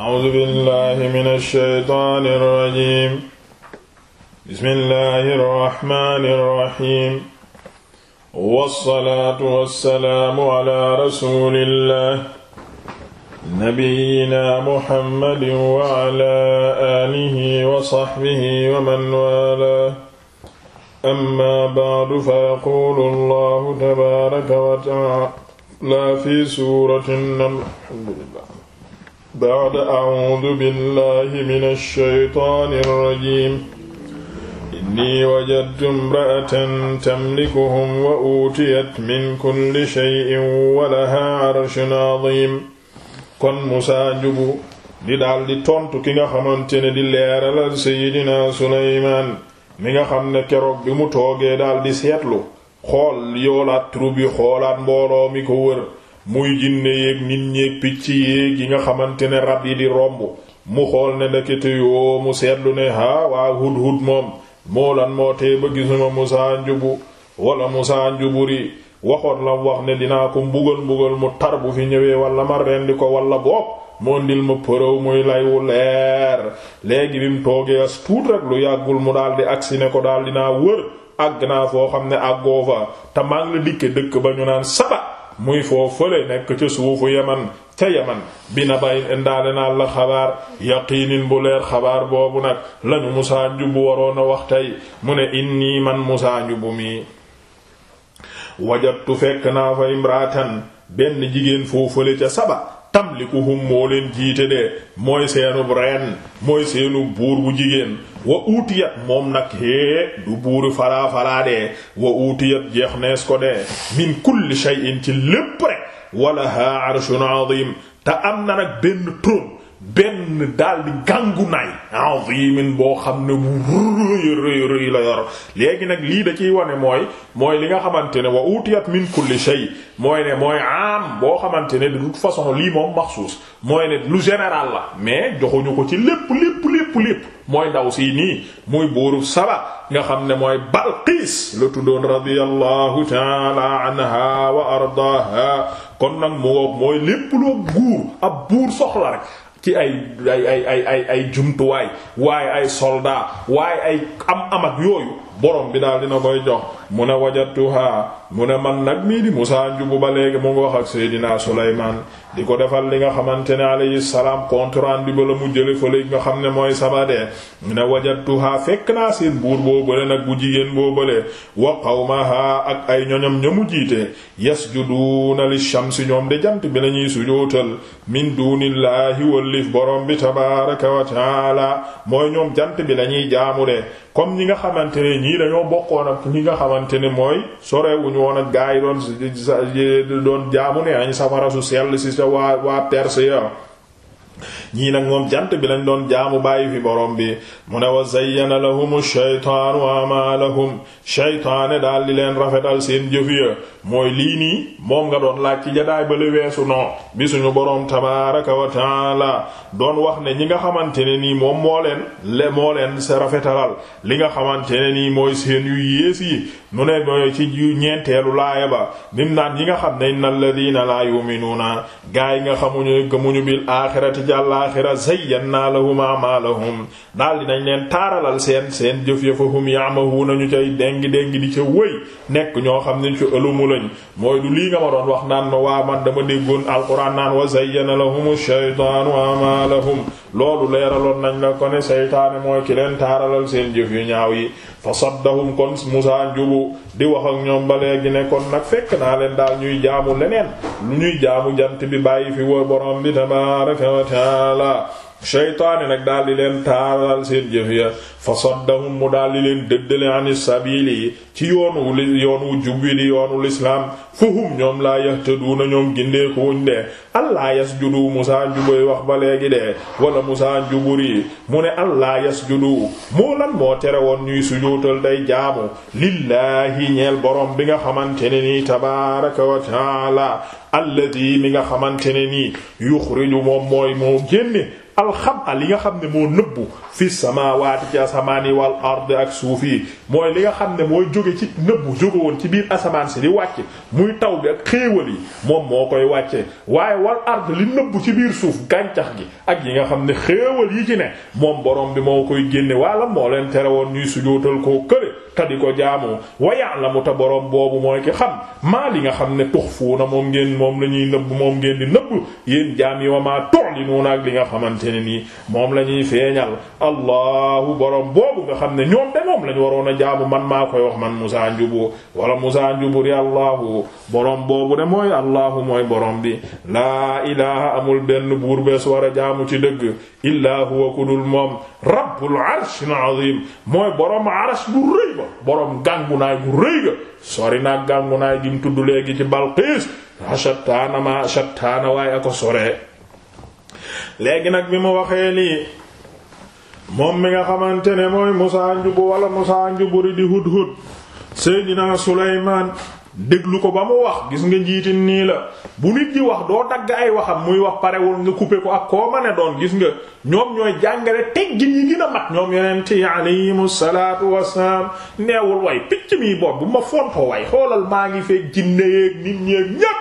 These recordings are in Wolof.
A'uuzu billaahi mina shaytaani rajiim. Bismillaahi rahmaani rahiim. Wassalaatu wassalaamu alaa rasuulillaahi nabiyyinaa Muhammadin wa alaa aalihi wa sahbihi wa man waalaahu. Ammaa ba'du fayaquulu Allaahu tabaaraka wa ta'aalaa fi suuratin Naml. Alhamdulillah. بعد أعوذ بالله من الشيطان الرجيم إني وجدت امرأة تملكهم وأوتيت من كل شيء ولها عرش عظيم kon Musaa Njubu di daal di tontu ki nga xamante ne di leeralal Seydina Sulaymaan mi nga xam ne keroog bi mu toogee daal di seetlu xool yoolaat troupe bi xoolaat mbooloo mi ko wër muy jinne yéeg nit ñéeg picc yéeg yi nga xamante ne rab yi di romb mu xool ne ndekete yoo mu seetlu ne haa waa hudhud moom moo lan moo tee ba gisuma musaa njubu wala musaa njuburi waxoon la wax ne dinaa ko mbugal mbugal mu tar bu fi ñëwee wala ma rendi ko wala boog moo ndil ma përëw muy laywu leer léegi bi mu toogee as tuut rek lu yàggul mu daal di agsi ne ko daal dinaa wër àgg naa foo xam ne àggoo fa te maa ngi la dikke dëkk ba ñu naan saba muy foofu nekk ca suufu yaman ca yaman bi na bay ndaale naa la xabaar yaqiinin bu leer xabaar boobu nag lañu Musaa Njubu waroon a wax tey mu ne inni man Musaa Njubu mi wajattu fekk naa fa imraatan benn jigéen foofale ca saba tamlikuhum moo leen jiite de mooy seenub reen mooy seenub buur bu jigéen wa uutiyat moom nag hee du buuru falaa falaa dee wa uutiyat jeex nees ko dee min kulli shay'in ci lépp rek walaha arshun azim te am na nag benn trône benn daal di gàngu naay azimin boo xam ne bu rëy rëy la yor léegi nag lii da ciy wane mooy mooy li nga xamante ne wa utiyat min kulli shay mooy ne mooy am boo xamante ne de toute façon lii moom maxsuus mooy ne lu général la mais joxuñu ko ci lépp lépp lépp lépp mooy ndaw si nii muy buuru Saba nga xam ne mooy Balqiis la tuddoon radiyallahu taala anha wa ardaha kon nag mu mooy lépp loo guur ab buur soxla rek ci ay ay ay ay ay jumtuwaay waaye ay soldat waaye ay am amak yooyu borom bi daal dina koy jox mu ne wajatuha mu ne man nag mii di Musaa njubu ba léegi mu ngi wax ak Seydina Sulaymaan di ko defal li nga xamante ne alayhi salaam contrat bi ba la mu jële fa léegi nga xam ne mooy sabadee mu ne wajatuha fekk naa seen buur boobale nag bu jigéen boobale wa qawmaha ak ay ñoñam ñamu jiite yasjuduuna li shamsi ñoom de jant bi lañuy sujootal min dunillahi wallif borom bi tabaaraka wa taala mooy ñoom jant bi lañuy jaamu de comme ñi nga xamante ñii dañoo bokkoon ak ñi nga xamante ne mooy sorewuñu woon ak gaa yi doon doon jaamu ne añ safara su sell si sa waa waa Perse ya ñii nag moom jant bi lañ doon jaamu bàyyi fi borom bi mu ne wa zayyana lahumu shaytaanu a'maalahum shaytaane daal di leen rafetal seen jëf ya mooy lii nii moom nga doon laaj ci jadaay ba le weesu non bi suñu borom tabaaraka wa taala doon wax ne ñi nga xamante ne nii moom moo leen le moo leen sa rafetalal li nga xamante ne nii mooy seen yu yées yi mu ne mooy ci ñeenteelu laaya ba nim naan ñi nga xam ne innal ladiina laa gaay nga xamuñu gëmuñu ci àllaaxira zayyannaa lahum a'maalahum daal dinañ leen taaralal seen seen jëf ya fa hum ya'mahuuna ñu cay déngi déngi di ca wëy nekk ñoo xam ne ci ëlumu lañ mooy du lii nga ma doon wax naan ma waa man dama déggoon alquran naan wa zayyana lahumu shaytaanu a'maalahum loolu leeraloon nañ la ko ne seytaane mooy ki leen taaralal seen jëf yu ñaaw yi fa saddahum kon Musaa njubu di wax ñoom ba léegi ne kon nag fekk naa leen daal ñuy jaamu leneen lu ñuy jaamu jant bi bàyyi fi wa borom bi tabaaraka wa taala sheytaani nag daal di leen taaral seen jëf ya fa saddahum mu daal di leen dëddale ani sabili ci yoonu li yoonu jubbi di yoonu lislaam fuhum ñoom laa yahtaduuna ñoom gindeeku wuñ de allah yasjudu musaa njuboy wax ba léegi de wala musaa njuburi mu ne allah yasjudu moo lan moo tere woon ñuy sujootal day jaamu lillaahi ñeel borom bi nga xamante ne nii tabaaraka wa taala alladi mi nga xamante ne nii yuxriju moom mooy moo génne alxama ah, yi nga xam ne moo nëbbu fi samaawaati ci asamaan yi wal ard ak suuf yi mooy li nga xam ne mooy jóge ci nëbbu jóge woon ci biir asamaan si di wàcc muy taw bi ak xéewal yi moom moo koy wàcce waaye wal ard li nëbbu ci biir suuf gàncax gi ak yi nga xam ne xéewal yi ci ne moom borom bi moo koy génne wala moo leen tere woon ñuy sujootal koo kële te di ko jaamu wa ya'lamu ta boroom boobu mooy ki xam maa li nga xam ne tuxfuuna moom ngeen moom la ñuy nëbb moom ngeen di nëbb yéen jaam yi wa maa tu'linuuna ak li nga xamante ne nii moom la ñuy feeñal allahu boroom boobu nga xam ne ñoom de moom la ñu a jaamu man maa koy wax man Musaa Njubu wala Musaa Njubu di allahu boroom boobu de mooy allahu mooy boroom bi laa ilaha amul benn buur bees war a jaamu ci dëgg illaa huwa kudul moom rabbul arshil azim mooy ba borom gàngunaay gu rëy ga sori naa gàngunaay gi mu tudd léegi ci Balqiis shattaana ma shattaana waaye ko soree léegi nag bi mu waxee nii moom mi nga xamante ne mooy Musaa Njubu wala Musaa Njuburi di Hudhud Seydina Sulaymaan déglu ko ba mu wax gis nga njiitin nii la bu nit ji wax doo dagg ay waxam muy wax parewul nga couper ko ak koo ma ne doon gis nga ñoom ñooy jàngale teggin yi gën a mat ñoom yonent yi alayhimu salaatu wassalaam neewul way picc mi bopp bu ma fontoo way xoolal maa ngi fekk jinne yeek nit ñeek ñépp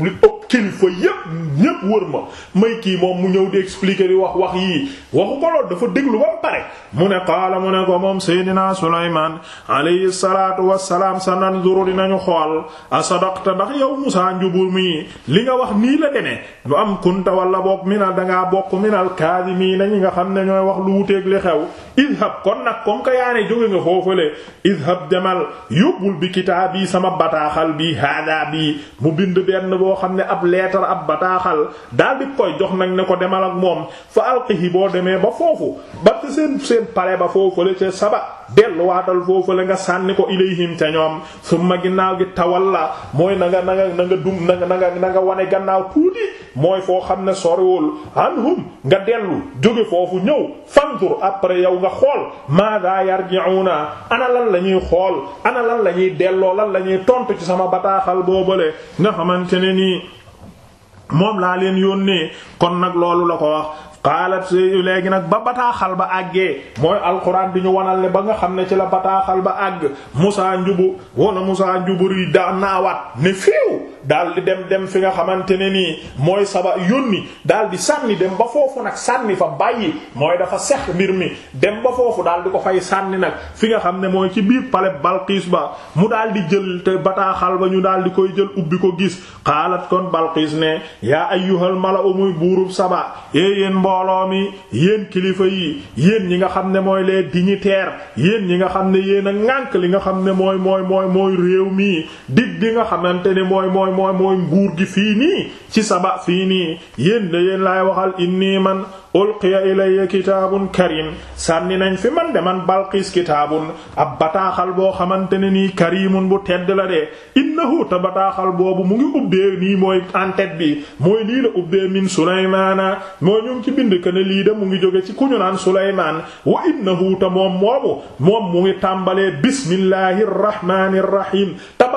ñépp kilifa yépp ñépp wër ma may kii moom mu ñëw di expliquer di wax wax yii waxu ko lool dafa déglu ba mu pare mu ne qaala mu ne ko moom seydinaa sulaymaan alayhi salaatu wassalaam sa nanzuru dinañu xool asadaqta ndax yow musaa njubur mi li nga wax nii la demee lu am kunta walla bokk a dangaa bokk minal kaadimiina yi nga xam ne ñooy wax lu wuteek li xew idhab kon nag comme que yaa ne jóge nga foofale idhab demal yóbbul bi kitaabi sama bataaxal bi hada bi mu bind benn boo xam ne ab leetar ab bataaxal daal di koy jox nag ne ko demal ak moom fa alqihi boo demee ba foofu ba seen seen pare ba foofale ca saba delluwaatal foofu la nga sànni ko ilayhim ca ñoom ma ginnaaw gi tawal tawalla mooy na nga na na nga dum na nga na nga wane gannaaw tuuti mooy foo xam ne soriwul anhum nga dellu jóge foofu ñëw fantur après yow nga xool maada yarji'una ana lan la ñuy xool ana lan la ñuy delloo lan la ñuy tontu ci sama bataaxal boobale nga xamante ne nii moom laa leen yónnee kon nag loolu la ko wax xaalat léegi nag ba bataaxal ba àggee mooy alxuraan di ñu wanal ne ba nga xam ne ci la bataaxal ba àgg Musaa Njubu wala Musaa Njuburi daa naawaat ne fiiw daal di dem dem fi nga xamante ne nii mooy saba yónni daal di sànni dem ba foofu nag sànni fa bàyyi mooy dafa sex mbir mi dem ba foofu daal di ko fay sànni nag fi nga xam ne mooy ci biir palais Balqiis ba mu daal di jël te bataaxal ba ñu daal di koy jël ubbi ko gis xaalat kon balkiis ne yaa ayyuhal mala'u muy buurub saba ee yéen mbooloo mi yéen kilifa yi yéen ñi nga xam ne mooy les dignitaires yéen ñi nga xam ne yéen a li nga xam ne mooy mooy mooy mooy réew mi dig mooy mooy nguur gi fii nii ci saba fii nii yéen da yéen laay waxal inni man ulqiya ilayya kitaabun karim sànni nañ fi man de man balqiis kitaabun ab bataaxal boo xamante ne nii karimun bu tedd la de innahu te bataaxal boobu mu ngi ubbee nii mooy en bi mooy lii la ubbee min sulaymaana mooy ñu ci bind que ne lii de mu ngi joge ci ku ñu naan sulaymaan wa innahu te moom moomu moom mu ngi tàmbalee bismillahir rahmanir rahim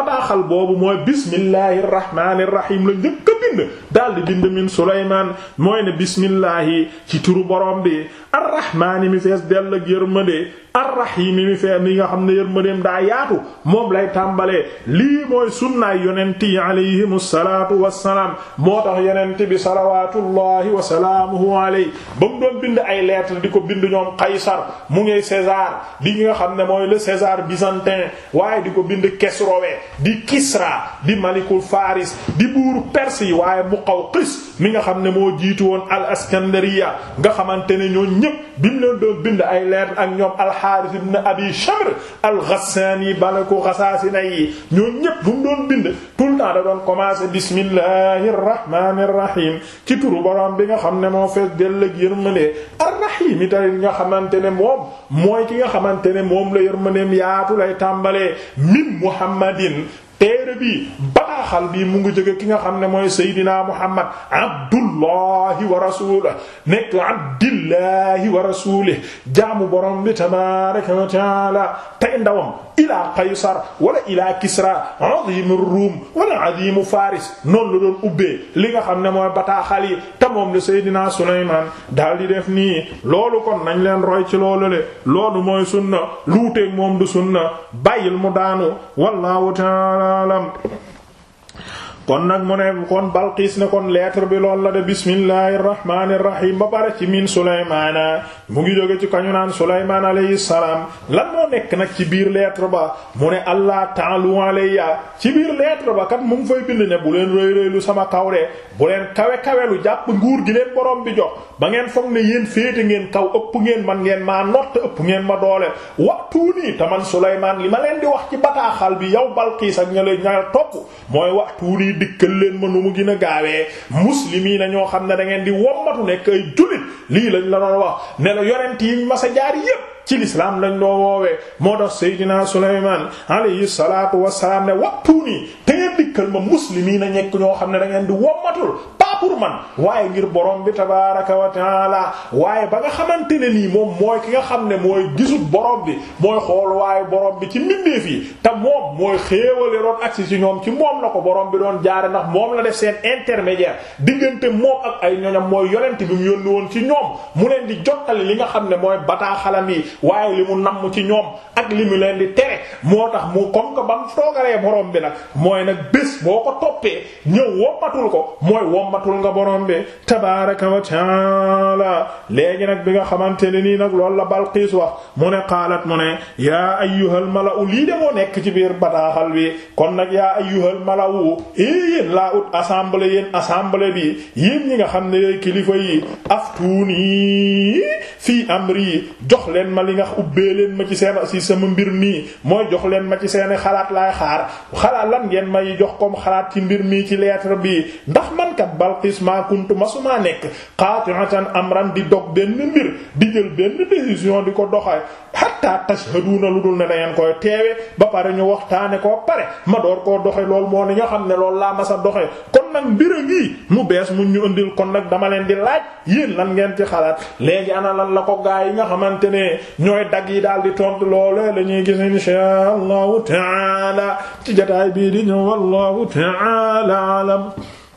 bataaxal boobu mooy bismillahi rahmaani rahim la njëkk a bind daal di bind min Sulaymaan mooy ne bismillahi ci turu borom bi arrahmaani mi fees dell ak yërmande arrahim mi fees mi nga xam ne yërmandeem daa yaatu moom lay tàmbalee lii mooy sunnaay yonent yi alayhimu salaatu wassalaam moo tax yonent bi salawaatullahi wa salaamuhu alayhi ba mu doon bind ay lettre di ko bind ñoom Qaysar mu ngi César di nga xam ne mooy le César byzantin di ko bind di Kisra di malikul Faris di buuru Perse yi waaye Muqawqis mi nga xam ne moo jiitu woon al Iskandariya nga xamante ne ñoo ñëpp bi mu leen doon bind ay leer ak ñoom al Harith ibn Abi Shamr al Ghassani balaku ñëpp bu bind tout le temps da doon commencer bismillahir rahmanir rahim bi nga xam ne moo fees dell ak yërmande xamante ne moom mooy ki nga xamante ne moom la yërmandeem yaatu lay tàmbalee min Muhammadin téere bi bataaxal bii mu ngi jóge ki nga xam ne mooy Seydina Muhammad abdullahi wa rasulih nekk abdillahi wa rasulih jaamu borom bi tabaraka wa taala tey ndawam ila Qaysar wala ila Kisra azim wala azim Faris noonu la doon ubbee li nga xam ne mooy bataaxal yi te moom la Seydina Sulaymaan daal def nii loolu kon nañ leen roy ci loolu le loolu mooy sunna luuteeg moom du sunna bàyyil mu daanu wallahu taala a'lam kon nag mu ne kon Balqiis ne kon lettre bi lool la de bismillahi irrahmani irrahim ba pare ci min Sulaymaana mu ngi jóge ci kañu naan Sulaymaan alayhi salaam lan moo nekk nag ci biir lettre ba mu ne allah ta'alu alayya ci biir lettre ba kat mu ngi fay bind ne bu leen rëy rëy lu sama kaw de bu leen kawe kawe lu jàpp nguur gi leen borom bi jox ba ngeen foog ne yéen féete ngeen kaw ëpp ngeen man ngeen maa nott ëpp ngeen ma doole waxtu nii taman Sulaymaan li ma leen di wax ci bataaxal bi dikkal leen ma nu mu gën a gaawee muslimiina ñoo xam ne dangeen di wommatu nekk ay jullit lii lañ la doon wax ne la yonent yi masa jaar yépp ci lislaam lañ doo woowee moo tax Seydina Sulaymaan alayhi salaatu wassalaam ne waqtuuni te ngeen dikkal ma muslimiina ñekk ñoo xam ne da ngeen di wommatul pour man waaye ngir boroom bi tabaaraka wa taala waaye ba nga xamante ne nii moom mooy ki nga xam ne mooy gisut boroom bi mooy xool waaye borom bi ci mbindeef yi te moom mooy xéewale doon agsi ci ñoom ci moom la ko borom bi doon jaare ndax moom la def seen intermédiaire diggante moom ak ay ñoñam mooy yonent bi mu yónni woon ci ñoom mu leen di jottali li nga xam ne mooy bataaxalam yi waaye li mu namm ci ñoom ak li mu leen di tere moo tax mu comme que ba mu boroom bi nag mooy nag bés boo ko toppee ñëw wommatul ko mooy wommatul sàkkul nga borom bi tabaaraka wa taala nag bi nga xamante ne nii nag loolu la Balqiis wax mu ne qaalat mu ne yaa ayyuhal mala'u lii de moo nekk ci biir bataaxal bi kon nag yaa ayyuhal mala'u eh, yéen laa ut assemblée yéen assemblée bi yéen ñi nga xam ne yooyu kilifa yi aftuuni fii amri jox leen ma li nga ubbee leen ma ci seen si sama mbir nii mooy jox leen ma ci seen xalaat laay xaar xalaat lan ngeen may jox comme xalaat ci mbir mii ci lettre bi ndax man kat balqis ma kuntu masuma nekk qati'atan amran di dog benn mbir di jël ko doxee ba pare ñu waxtaane koo pare ma door koo doxe lool moo ne ñoo xam ne loolu laa masa doxe kon nag mbir a ngi mu bees mu ñu indil kon nag dama leen di laaj yéen lan ngeen ci xalaat léegi ana lan la ko gaa yi nga xamante ne ñooy dag yi daal di tontu loolee la ñuy gis insha allahu taala ci bii di ñëw wallahu taala alam